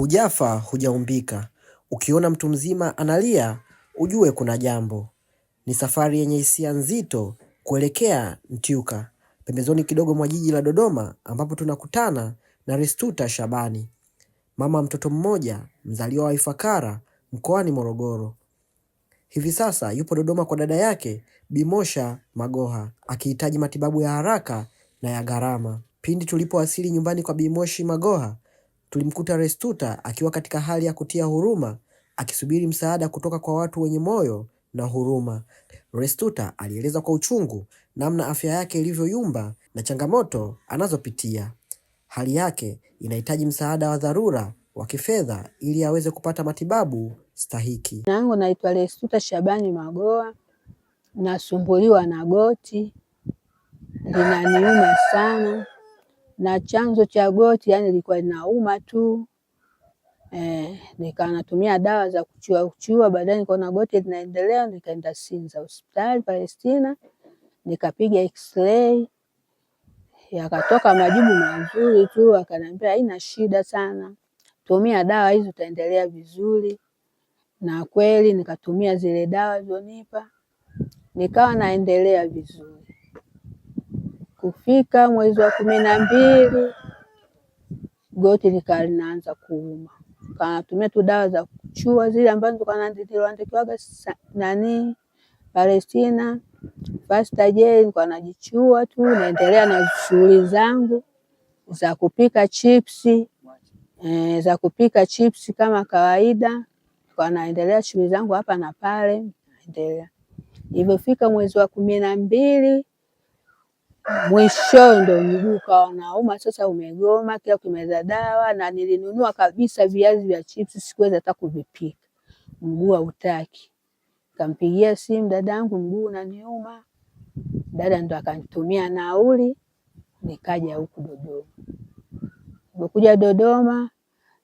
Hujafa, hujaumbika. Ukiona mtu mzima analia, ujue kuna jambo. Ni safari yenye hisia nzito kuelekea Ntyuka, pembezoni kidogo mwa jiji la Dodoma, ambapo tunakutana na Restuta Shabani, mama mtoto mmoja, mzaliwa wa Ifakara mkoani Morogoro. Hivi sasa yupo Dodoma kwa dada yake Bimosha Magoha, akihitaji matibabu ya haraka na ya gharama. Pindi tulipowasili nyumbani kwa Bimoshi Magoha, tulimkuta Restuta akiwa katika hali ya kutia huruma akisubiri msaada kutoka kwa watu wenye moyo na huruma. Restuta alieleza kwa uchungu namna afya yake ilivyoyumba na changamoto anazopitia. Hali yake inahitaji msaada wa dharura wa kifedha ili aweze kupata matibabu stahiki. Nangu naitwa Restuta Shabani Magoa, nasumbuliwa na goti linaniuma sana, na chanzo cha goti yani ilikuwa inauma tu eh, nikawa natumia dawa za kuchua uchua. Baadaye nikaona goti linaendelea, nikaenda Sinza hospitali Palestina, nikapiga x-ray yakatoka majibu mazuri tu, akaniambia haina shida sana, tumia dawa hizo utaendelea vizuri. Na kweli nikatumia zile dawa zonipa, nikawa naendelea vizuri. Kufika mwezi wa kumi na mbili goti likawa linaanza kuuma, kanatumia tu dawa za kuchua zile ambazo nilioandikiwaga nani Palestina Fasta J, nilikuwa najichua tu, naendelea na shughuli zangu za kupika chipsi e, za kupika chipsi kama kawaida, kwa naendelea shughuli zangu hapa na pale, naendelea. Ilivyofika mwezi wa kumi na mbili mwisho ndo mguu ukawa unauma, sasa umegoma, kila kumeza dawa. Na nilinunua kabisa viazi vya chips sikuweza hata kuvipika, mguu hautaki. Kampigia simu dadangu, mguu unaniuma. Dada ndo akanitumia nauli, nikaja huku Dodoma. Nilipokuja Dodoma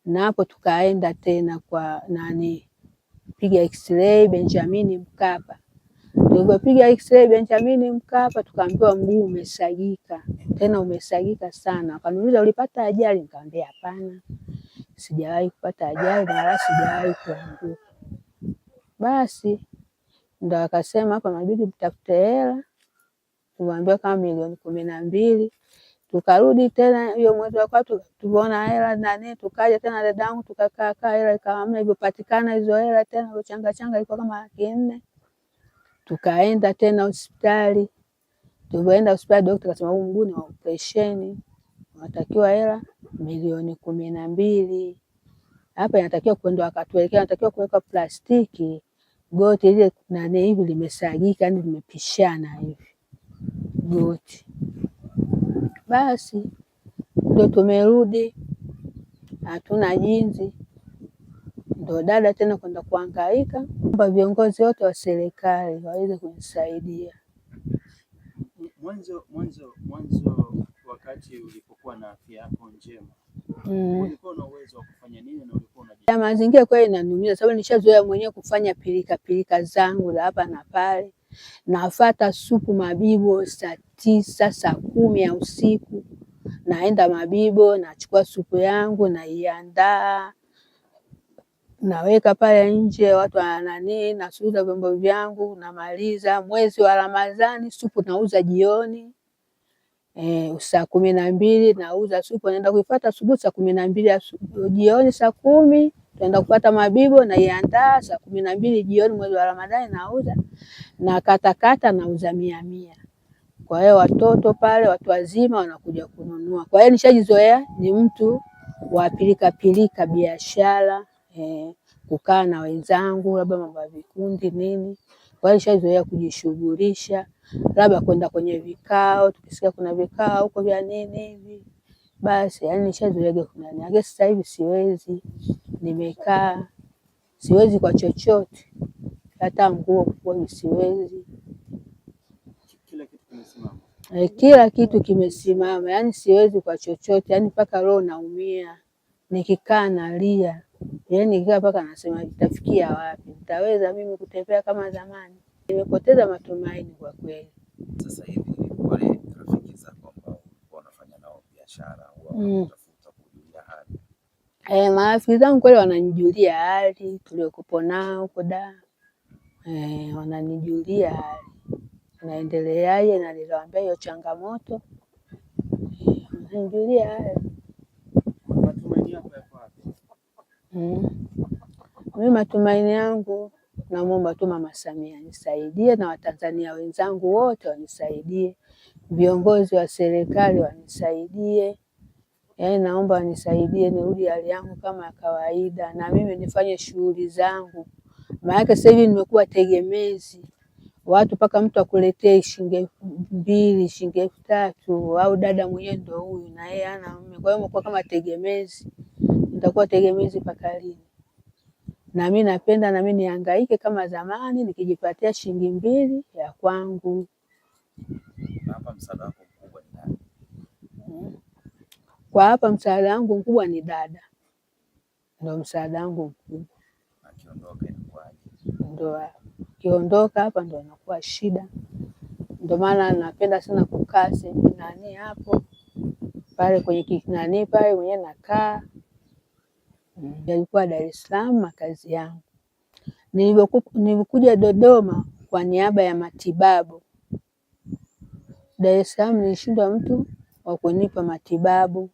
na hapo tukaenda tena kwa nani piga x-ray Benjamini Mkapa Nilipopiga x-ray Benjamin Mkapa, tukaambiwa mguu umesagika, tena umesagika sana. Akaniuliza, ulipata ajali? Nikamwambia hapana, sijawahi kupata ajali na wala sijawahi kuanguka. Basi ndo akasema hapa inabidi mtafute hela, tuwaambia kama milioni kumi na mbili. Tukarudi tena hiyo mwezi wa tatu tukaona hela nani, tukaja tena dadangu, tukakaa kaa, hela ikawa hamna, ivyopatikana hizo hela tena ilochanga changa ilikuwa kama laki nne. Tukaenda tena hospitali, tulivyoenda hospitali daktari akasema huu mguu ni wa operesheni, unatakiwa hela milioni kumi na mbili. Hapa inatakiwa kwenda, akatuelekea inatakiwa kuweka plastiki goti ile nani hivi limesagika, yani limepishana hivi goti. Basi ndio tumerudi hatuna jinsi ndo dada tena kwenda kuangaika kwamba viongozi wote wa serikali waweze kunisaidia. Mwanzo mwanzo mwanzo, wakati ulipokuwa na afya yako njema mm, ulikuwa na uwezo wa kufanya nini na ulikuwa na Mazingira kweli inaniumiza, sababu nishazoea mwenyewe kufanya pilika pilika zangu za hapa na pale, nafata supu Mabibo saa tisa saa kumi ya usiku, naenda Mabibo nachukua supu yangu naiandaa naweka pale nje, watu wananii, nasuuza vyombo vyangu, namaliza mwezi wa Ramadhani. Supu nauza jioni e, saa kumi na mbili nauza supu, naenda kuipata asubuhi saa kumi na mbili jioni, saa kumi tunaenda kupata mabibo, naiandaa saa kumi na mbili jioni, mwezi wa Ramadhani nauza na katakata, nauza mia mia. Kwa hiyo watoto pale, watu wazima wanakuja kununua. Kwa hiyo nishajizoea, ni mtu wa pilika biashara eh, kukaa na wenzangu labda mambo ya vikundi nini. Kwa hiyo shazoea kujishughulisha, labda kwenda kwenye vikao, tukisikia kuna vikao huko vya nini hivi, basi yani nishazoea kuna nini. Sasa hivi siwezi, nimekaa siwezi kwa chochote, hata nguo kufua siwezi. Kila kitu kimesimama, eh, yani siwezi kwa chochote, yani mpaka roho naumia nikikaa nalia, yaani nikikaa mpaka nasema nitafikia wapi? Nitaweza mimi kutembea kama zamani? Nimepoteza matumaini kwa kweli. Sasa hivi wale rafiki zako ambao wanafanya nao biashara mm. wanatafuta kujulia hali eh, marafiki zangu kweli wananijulia hali tuliokupo nao huko da eh, wananijulia hali naendeleaje, na niliwaambia hiyo changamoto eh, wananijulia hali Hmm. Mimi matumaini yangu namwomba tu Mama Samia anisaidie na Watanzania wenzangu wote wanisaidie, viongozi wa serikali wanisaidie. Yaani naomba wanisaidie nirudi hali yangu kama ya kawaida, na mimi nifanye shughuli zangu, maanake sasa hivi nimekuwa tegemezi watu mpaka mtu akuletee shilingi elfu mbili shilingi elfu tatu au dada mwenyewe ndio huyu na yeye ana mume, kwa hiyo kama tegemezi nitakuwa tegemezi mpaka lini? Na napenda nami nihangaike kama zamani, nikijipatia shilingi mbili ya kwangu. Kwa hapa msaada wangu mkubwa ni dada, ndo msaada wangu mkubwa. Ndo akiondoka hapa ndo anakuwa shida, ndo maana napenda sana kukaa sehemu nani hapo pale kwenye kinani pale mwenyewe nakaa mm. Dar es Salaam makazi yangu. Nilikuja Dodoma kwa niaba ya matibabu. Dar es Salaam nilishindwa mtu wa kunipa matibabu,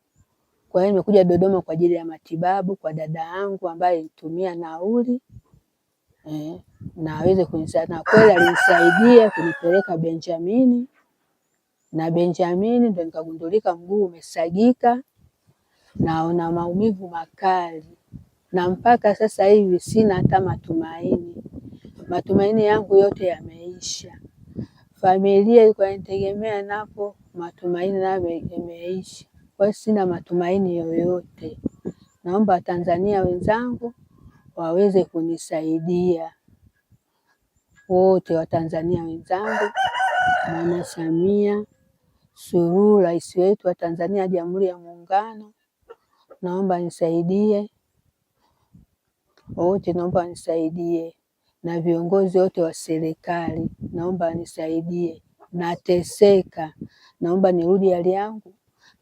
kwa hiyo nimekuja Dodoma kwa ajili ya matibabu kwa dada yangu ambaye alitumia nauli eh, na aweze kunisaidia, na kweli alinisaidia kunipeleka Benjamini, na Benjamini ndo nikagundulika mguu umesagika na una maumivu makali, na mpaka sasa hivi sina hata matumaini. Matumaini yangu yote yameisha. Familia ilikuwa inategemea napo matumaini nayo yameisha. Kwa hiyo sina matumaini yoyote. Naomba Watanzania wenzangu waweze kunisaidia wote, Watanzania wenzangu, Mama Samia Suluhu, rais wetu wa Tanzania, Jamhuri ya Muungano naomba nisaidie, wote naomba nisaidie, na viongozi wote wa serikali naomba nisaidie, nateseka, naomba nirudi hali yangu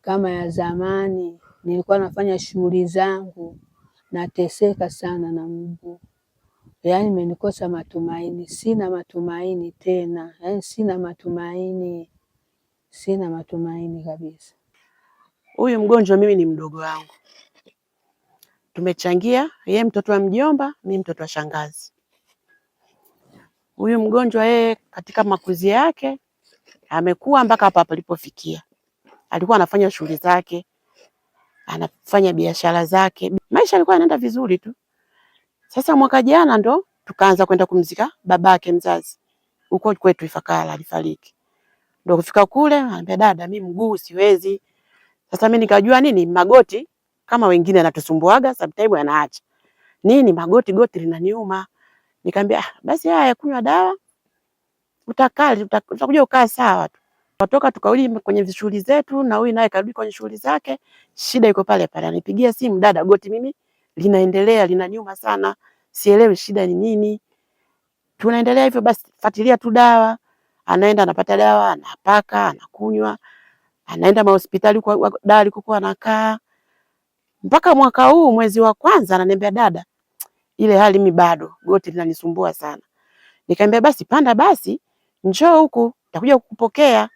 kama ya zamani, nilikuwa nafanya shughuli zangu. Nateseka sana na Mungu, yaani imenikosa matumaini, sina matumaini tena, yaani sina matumaini, sina matumaini kabisa huyu mgonjwa mimi ni mdogo wangu, tumechangia yeye mtoto wa mjomba, mimi mtoto wa shangazi. Huyu mgonjwa yeye katika makuzi yake amekuwa mpaka hapa palipofikia. Alikuwa anafanya shughuli zake, anafanya biashara zake, maisha alikuwa yanaenda vizuri tu. Sasa mwaka jana ndo tukaanza kwenda kumzika babake mzazi huko kwetu Ifakara, alifariki. Ndo kufika kule anambia, dada, mi mguu siwezi sasa mimi nikajua nini magoti kama wengine anatusumbuaga sometimes anaacha Nini magoti goti linaniuma. Nikamwambia ah, basi haya kunywa dawa. Utakaa utakuja ukaa sawa tu. Watoka tukarudi kwenye shughuli zetu na huyu naye karudi kwenye shughuli zake. Shida iko pale pale. Anipigia simu dada, goti mimi linaendelea linaniuma sana. Sielewi shida ni nini. Tunaendelea hivyo basi, fuatilia tu dawa. Anaenda anapata dawa, anapaka, anakunywa anaenda mahospitali kwa dawa alikokuwa anakaa. Mpaka mwaka huu mwezi wa kwanza ananiambia, dada, ile hali mimi bado goti linanisumbua sana. Nikamwambia basi panda basi, njoo huku nitakuja kukupokea.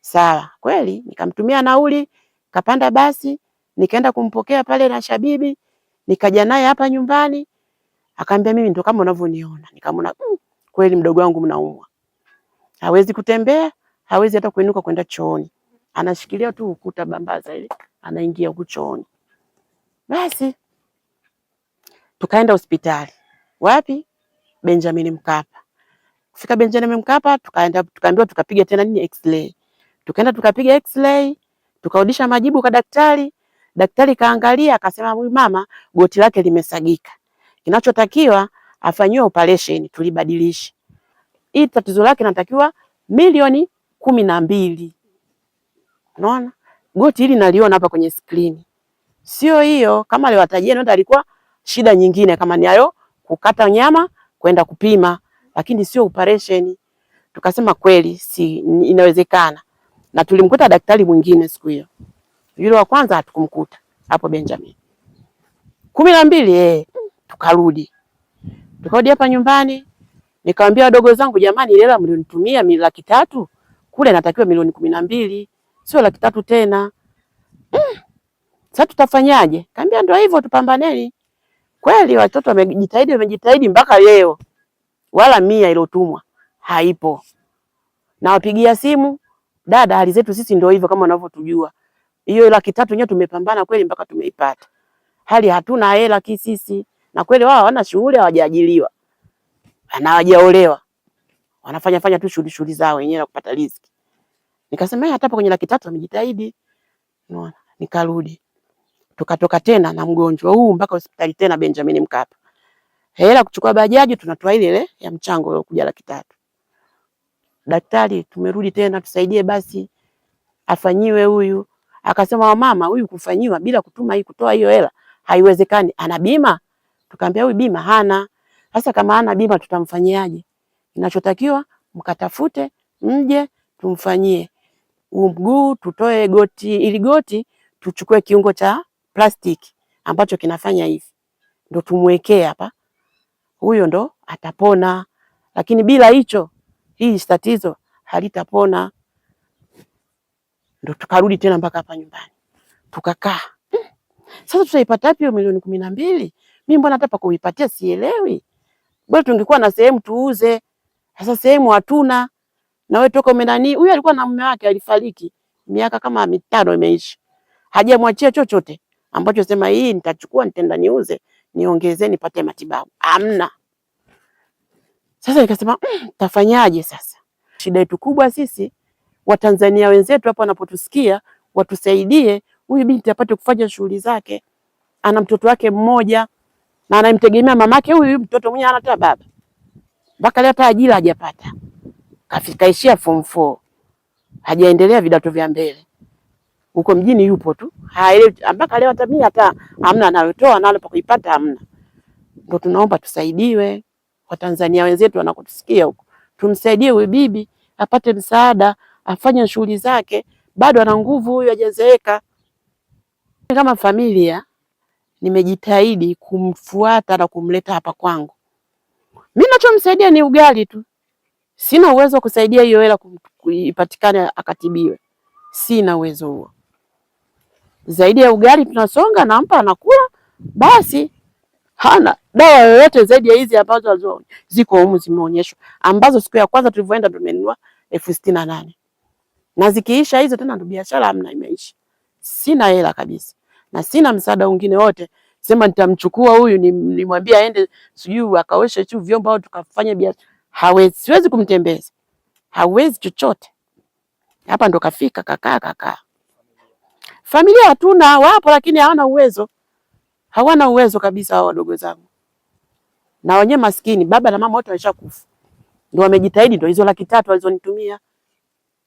Sawa, kweli nikamtumia nauli, kapanda basi, nikaenda kumpokea pale na Shabibi, nikaja naye hapa nyumbani. Akaambia mimi ndo kama unavyoniona. Nikamwona mm, kweli mdogo wangu mnaumwa. Hawezi kutembea, hawezi hata kuinuka kwenda chooni anashikilia tu ukuta bambaza ile, anaingia huku chooni. Basi tukaenda hospitali, wapi? Benjamin Mkapa. Kufika Benjamin Mkapa, tukaenda tukaambiwa, tukapiga tena nini, x-ray. Tukaenda tukapiga x-ray, tukarudisha majibu kwa daktari. Daktari kaangalia akasema, huyu mama goti lake limesagika, kinachotakiwa afanyiwe operation tulibadilishe. Hii tatizo lake natakiwa milioni kumi na mbili. Unaona? Goti hili naliona hapa kwenye screen. Sio hiyo kama aliwatajia ndio alikuwa shida nyingine kama ni hayo kukata nyama kwenda kupima lakini sio operation. Tukasema kweli si inawezekana. Na tulimkuta daktari mwingine siku hiyo. Yule wa kwanza hatukumkuta hapo Benjamin. Kumi na mbili eh, tukarudi. Tukarudi hapa nyumbani nikamwambia wadogo zangu, jamani, ile hela mlionitumia laki tatu kule natakiwa milioni kumi na mbili sio laki tatu tena. Mm, sasa tutafanyaje? Kaambia ndio hivyo, tupambaneni. Kweli watoto wamejitahidi, wamejitahidi mpaka leo, wala mia ilotumwa haipo. Nawapigia simu dada, hali zetu sisi ndio hivyo, kama unavyotujua. Hiyo laki tatu nyewe tumepambana kweli mpaka tumeipata, hali hatuna hela kisisi, na kweli wao hawana shughuli, hawajaajiliwa na hawajaolewa, wanafanya fanya tu shughuli shughuli zao wenyewe na kupata riziki. Nikasema eh, hata hapo kwenye laki tatu amejitahidi. Unaona? Nikarudi. Tukatoka tena na mgonjwa huu mpaka hospitali tena Benjamin Mkapa. Hela kuchukua bajaji tunatoa ile ile ya mchango ile kuja laki tatu. Daktari, tumerudi tena tusaidie basi afanyiwe huyu. Akasema wamama, huyu kufanyiwa bila kutuma hii kutoa hiyo hela haiwezekani. Ana bima? Tukamwambia huyu bima hana. Sasa kama hana bima tutamfanyiaje? Inachotakiwa mkatafute mje tumfanyie huu mguu, tutoe goti ili goti, tuchukue kiungo cha plastiki ambacho kinafanya hivi, ndo tumwekee hapa, huyo ndo atapona. Lakini bila hicho, hii tatizo halitapona. Ndo tukarudi tena mpaka hapa nyumbani tukakaa. Hmm. Sasa tutaipata wapi hiyo milioni kumi na mbili? Mimi mbona hata pa kuipatia sielewi. Bora tungekuwa na sehemu tuuze. Sasa sehemu hatuna na wewe toka umenani. Huyu alikuwa na mume wake alifariki, miaka kama mitano imeishi, hajamwachia chochote ambacho sema hii nitachukua nitenda niuze niongezee nipate matibabu, amna. Sasa nikasema mm, tafanyaje sasa? Shida yetu kubwa sisi Watanzania wenzetu hapa wanapotusikia watusaidie, huyu binti apate kufanya shughuli zake. Ana mtoto wake mmoja na anamtegemea mamake huyu, mtoto mwenyewe hana baba, mpaka leo hata ajira hajapata kafikaishia form 4 hajaendelea vidato vya mbele huko mjini, yupo tu haelewi mpaka leo. Hata mimi hata amna anayotoa nalo pa kuipata amna Ndio tunaomba tusaidiwe, kwa Tanzania wenzetu wanakutusikia huko, tumsaidie huyu bibi apate msaada, afanye shughuli zake, bado ana nguvu huyu, hajazeeka. Kama familia nimejitahidi kumfuata na kumleta hapa kwangu. Mimi nachomsaidia ni ugali tu, Sina uwezo wa kusaidia hiyo hela ipatikane akatibiwe, sina uwezo huo. Zaidi ya ugali tunasonga, nampa anakula, basi hana dawa yoyote zaidi ya hizi ambazo ziko humu zimeonyeshwa, ambazo siku ya kwanza tulivyoenda tumenunua elfu sitini na nane na zikiisha hizo tena ndo biashara amna, imeisha. Sina hela kabisa na sina msaada mwingine wote, sema nitamchukua huyu nimwambie aende sijui akaoshe tu vyombo au tukafanya biashara hawezi, siwezi kumtembeza, hawezi chochote. Hapa ndo kafika kakaa kakaa. Familia hatuna, wapo lakini hawana uwezo, hawana uwezo kabisa hao wadogo zangu, na wenyewe maskini, baba na mama wote wameshakufa. Ndo wamejitahidi, ndo hizo laki tatu walizonitumia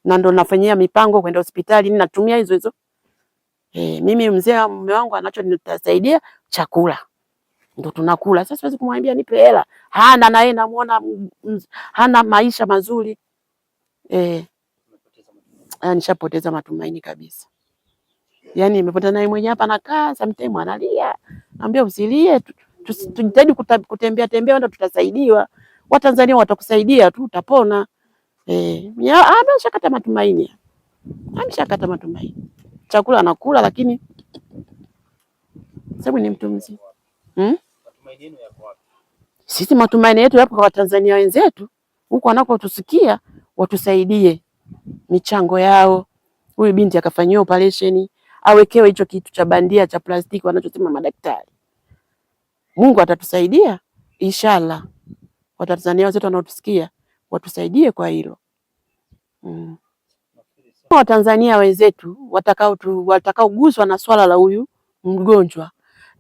na ndo nafanyia mipango kwenda hospitali, natumia hizo hizo. E, mimi mzee mume wangu anachonisaidia chakula ndo tunakula. Sasa siwezi kumwambia nipe hela, hana yeye namuona hana maisha mazuri eh, ah, nishapoteza matumaini kabisa. Yani nimepoteza naye mwenyewe, hapa nakaa sometimes analia, naambia usilie, tujitahidi kutembea tembea, ndo tutasaidiwa. Watanzania watakusaidia tu, utapona. Eh, ameshakata ah, matumaini, ameshakata matumaini, chakula anakula, lakini sababu ni mtu mzima hmm? matumaini yenu yako wapi? Sisi matumaini yetu yapo kwa Watanzania wenzetu huko wanakotusikia, watusaidie michango yao, huyu binti akafanyiwa operation, awekewe hicho kitu cha bandia cha plastiki wanachosema madaktari. Mungu atatusaidia inshallah. Watanzania wenzetu wanaotusikia watusaidie kwa hilo mm. Watanzania wenzetu watakao watakaoguswa na swala la huyu mgonjwa,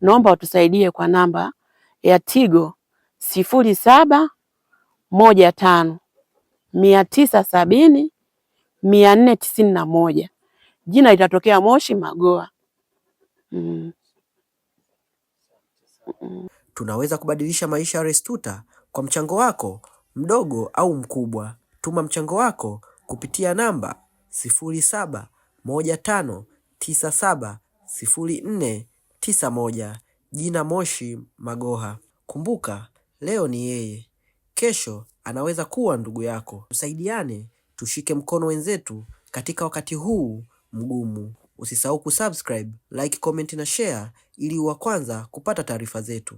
naomba watusaidie kwa namba ya Tigo sifuri saba moja tano mia tisa sabini mia nne tisini na moja. Jina litatokea Moshi magoa mm. mm. Tunaweza kubadilisha maisha ya RESTUTA kwa mchango wako mdogo au mkubwa. Tuma mchango wako kupitia namba sifuri saba moja tano tisa saba sifuri nne tisa moja. Jina Moshi Magoha. Kumbuka leo ni yeye, kesho anaweza kuwa ndugu yako. Tusaidiane, tushike mkono wenzetu katika wakati huu mgumu. Usisahau kusubscribe, like, comment na share ili wa kwanza kupata taarifa zetu.